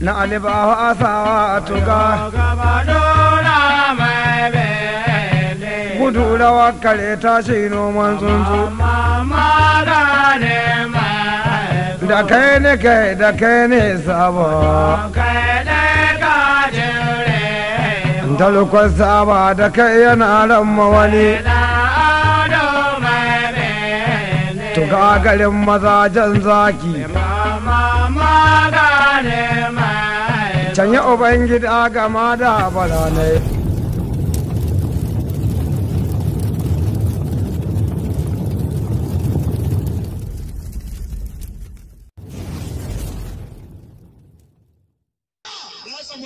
na alibawa asawa tuga gudu ta kare tashi noman tsuntsu da kai ne kai da kai ne sabo talukon saba da kai yana ran mawani tuga garin jan zaki canye ubangida gama da balanai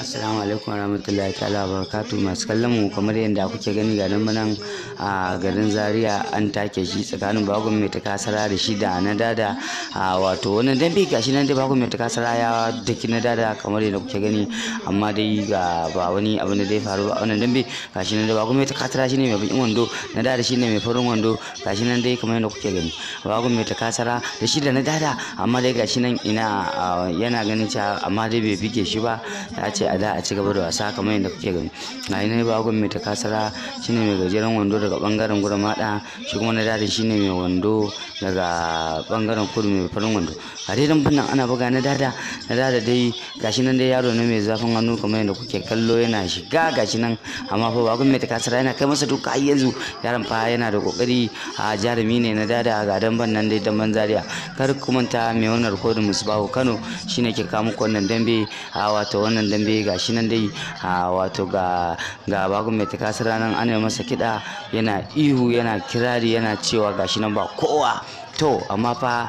Assalamu alaikum warahmatullahi ta'ala barakatu masu kallon mu kamar yadda kuke gani ga nan a garin zaria an take shi tsakanin bagon mai takasara da shi da na dada a wato wannan dambe gashi nan dai bagon mai takasara ya daki na dada kamar yadda kuke gani amma dai ga ba wani abu da zai faru ba wannan dambe gashi nan dai bagon mai takasara shine mai bakin wando na dada shine mai farin wando gashi nan dai kamar yadda kuke gani bagon mai takasara da shi da na dada amma dai gashi nan ina yana ganin cewa amma dai bai bige shi ba ya ce a da a ci gaba da wasa kamar yadda kuke gani gashi nan bagon mai takasara shine mai gajeren wando da daga bangaren gudu mada shi kuma na dadi shine mai wando daga bangaren kudu mai farin wando a dai dan ana buga na dada na dada dai gashi nan dai yaro ne mai zafin hannu kamar yadda kuke kallo yana shiga gashi nan amma fa ba mai kasara yana kai masa duka ai yanzu yaron fa yana da kokari a jarumi ne na dada ga dan nan dai dan zaria kar ku manta mai wannan rikodin bawo Kano shine ke kawo muku wannan dambe a wato wannan dambe gashi nan dai a wato ga ga bagun mai takasara nan ana masa kida yana ihu yana kirari yana cewa gashi nan ba kowa to amma fa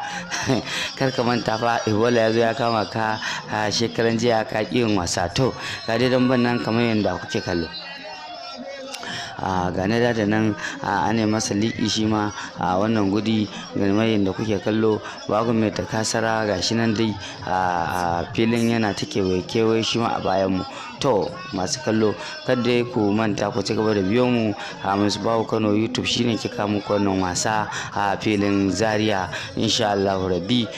ka manta fa ebola ya zo ya kama ka a shekaran jiya ka yin wasa to ga dai dan nan kamar yadda kuke kallo a gane da nan a ne masa liƙi shi ma a wannan gudi game da kuke kallo babu mai takasara kasara gashi nan dai a filin yana ta kewaye kewaye shi ma a bayan mu to masu kallo kada ku manta ku ci gaba da biyo mu a bawo kano youtube shine ke kamu wannan wasa a filin zaria insha allahu rabbi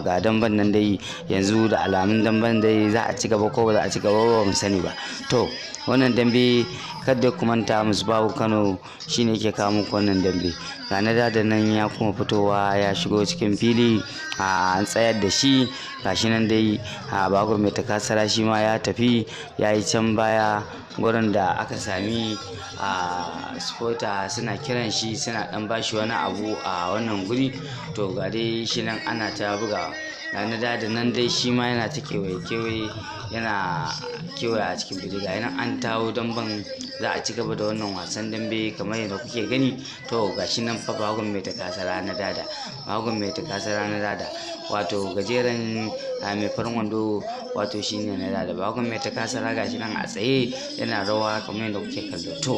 ga damban nan dai yanzu da alamun damban dai za a ci gaba ko ba za a ci gaba ba mu sani ba to wannan dambe kada ku manta musbahu kano shine ke kamu wannan dambe ganada da nan ya kuma fitowa ya shigo cikin fili an tsayar da shi gashi nan dai a bago mai takasara shi ma ya tafi ya yi can baya gurin da aka sami a spota suna kiran shi suna dan bashi wani abu a wannan guri to ga dai shi nan ana ta buga ga na dada nan dai shi ma yana ta kewaye kewaye yana kewaye a cikin bidiyo ga nan an tawo don ban za a ci gaba da wannan wasan dambe kamar yadda kuke gani to ga shi nan fa bagon mai ta kasa rana dada bagon mai ta kasa rana dada wato gajeren mai farin wando wato ne na dada bagon mai ta kasa raga shi nan a tsaye yana rawa kamar yadda kuke kallo to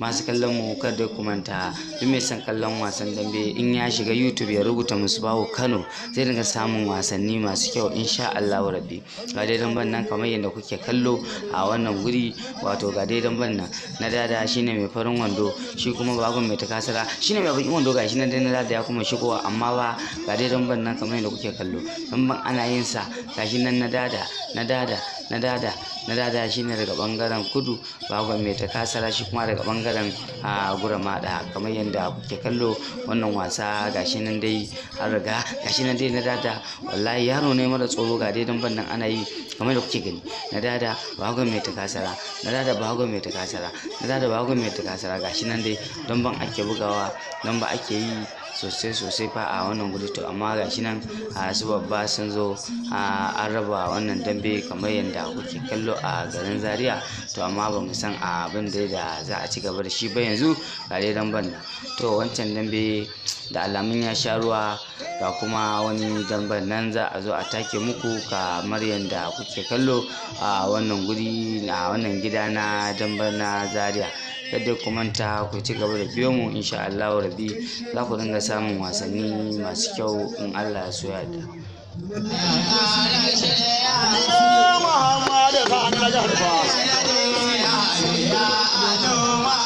masu kallon mu kar da kumanta duk mai son kallon wasan dambe in ya shiga youtube ya rubuta musu bawo kano zai dinga samun wasanni masu kyau insha allahu rabbi ga dai ban nan kamar yadda kuke kallo a wannan guri wato ga dai ban nan na dada shine mai farin wando shi kuma bagon mai takasara shine mai bakin wando gashi nan dai na dada ya kuma shigo, amma ba ga dai ban nan kamar yadda kuke kallo ban ana yin sa gashi nan na dada na dada na dada na dada shine daga bangaren kudu bagon mai ta kasara shi kuma daga bangaren a mada kamar yadda kuke kallo wannan wasa gashi nan dai an riga gashi nan dai na dada wallahi yaro ne mara tsoro ga dai damban nan ana yi kamar da kuke gani na dada ba mai ta kasara na dada bagon mai ta kasara na dada bagon mai ta kasara gashi nan dai damban ake bugawa ba ake yi sosai sosai fa a wannan guri to amma ga shi nan a su babba sun zo an raba wannan dambe kamar yadda kuke kallo a garin zaria to amma ba mu san abin da da za a ci gaba da shi ba yanzu ga dai damben nan to wancan dambe da alamun ya sha ruwa ga kuma wani damben nan za a zo a take muku kamar yadda kuke kallo a wannan guri a wannan gida na damban na zaria kada ku manta ku ci gaba da biyo mu insha Allah rabi za ku dinga samun wasanni masu kyau in Allah ya so ya da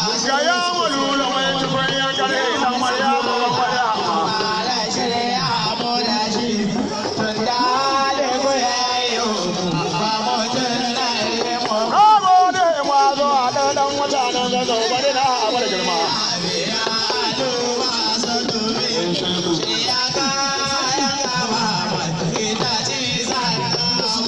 Muhammad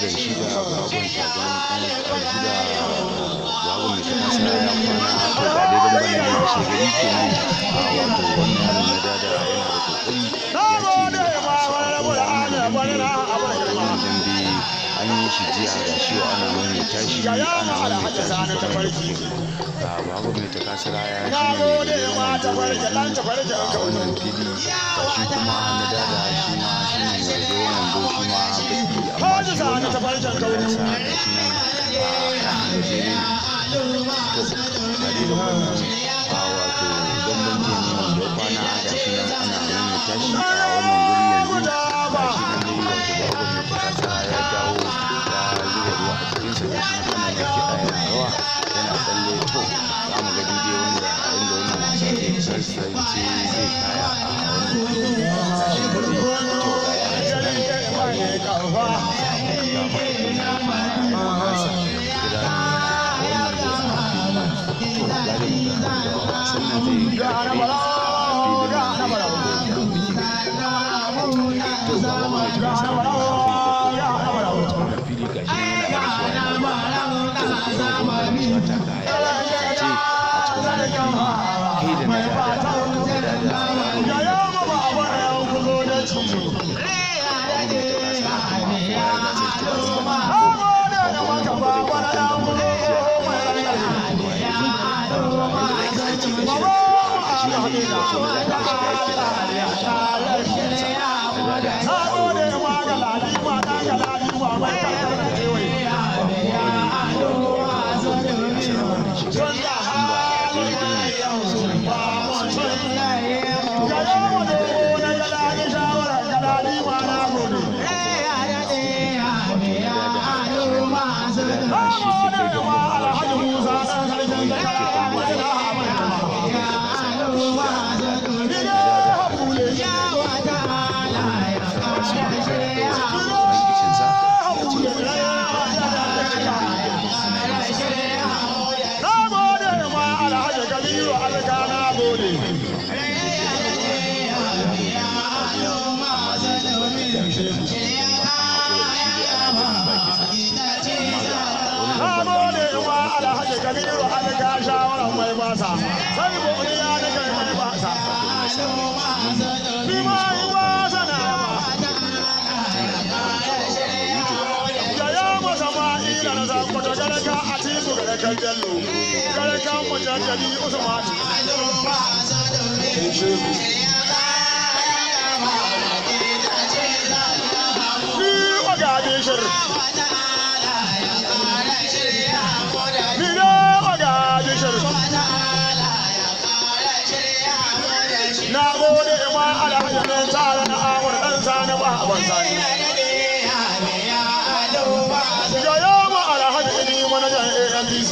da shi da bagon shagon shi da bagon mai taɓa sana ya kwana to ba dai don bane ne shi gari ke nan a wato wani yaro da dada yana da kokari ya ce da su an a wannan dambe a wannan dambe an yi shi jiya da shi ana maimaita shi ana maimaita shi kamar da ga babu mai ta kasara ya shi ne mai gidan wando yanzu a wannan fili ga shi kuma na dada shi ma shi ne mai gidan wando shi ma da sa'adu ta farjan kauri wato bambanci ne wanda kwana ya yau gwamna mai wata kaya a a na da dada abu ne da kuma Thank you. Come on. kan jallo kare kan ni ni ne oga bishir na gode ma alhaji ne tsara na dan ba a banzani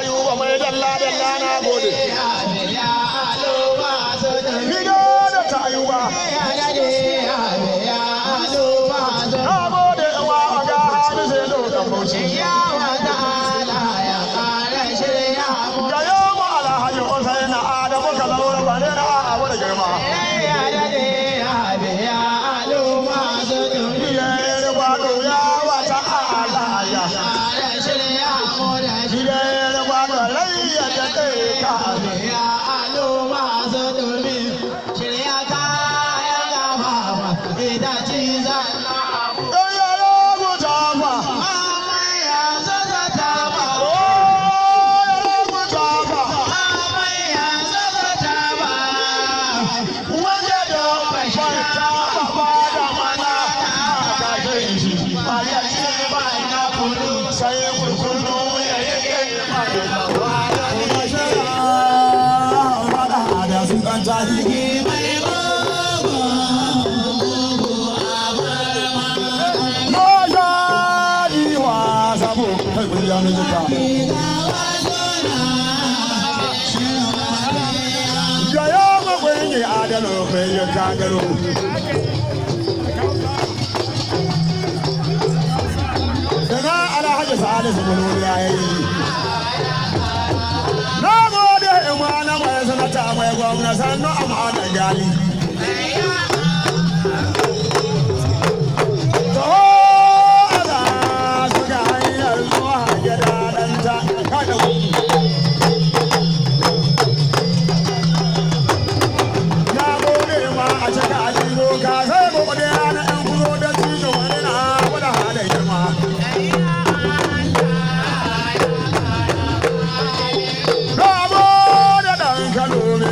ayuba mai dalla dalla na soyayya da ka ya alo masu dumi shirya ta ya gama ma idaci zanna abu ya rabu kurkuru yi adalo kai ya kagaro daga alhaji salisu bulwuri ya yi na gode in wani mai sanata mai gwamna sannu a ma'adar gali